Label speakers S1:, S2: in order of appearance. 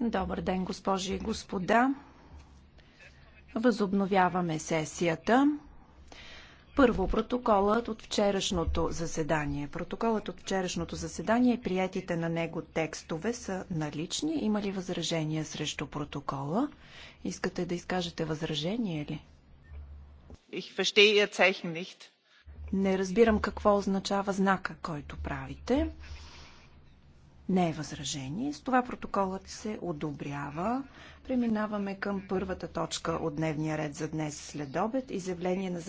S1: Добър ден, госпожи и господа. Възобновяваме сесията. Първо, протоколът от вчерашното заседание. Протоколът от вчерашното заседание и приятите на него текстове са налични. Има ли възражения срещу протокола? Искате да изкажете възражение ли? Не разбирам какво означава знака, който правите не е възражение. С това протоколът се одобрява. Преминаваме към първата точка от дневния ред за днес след
S2: обед. Изявление на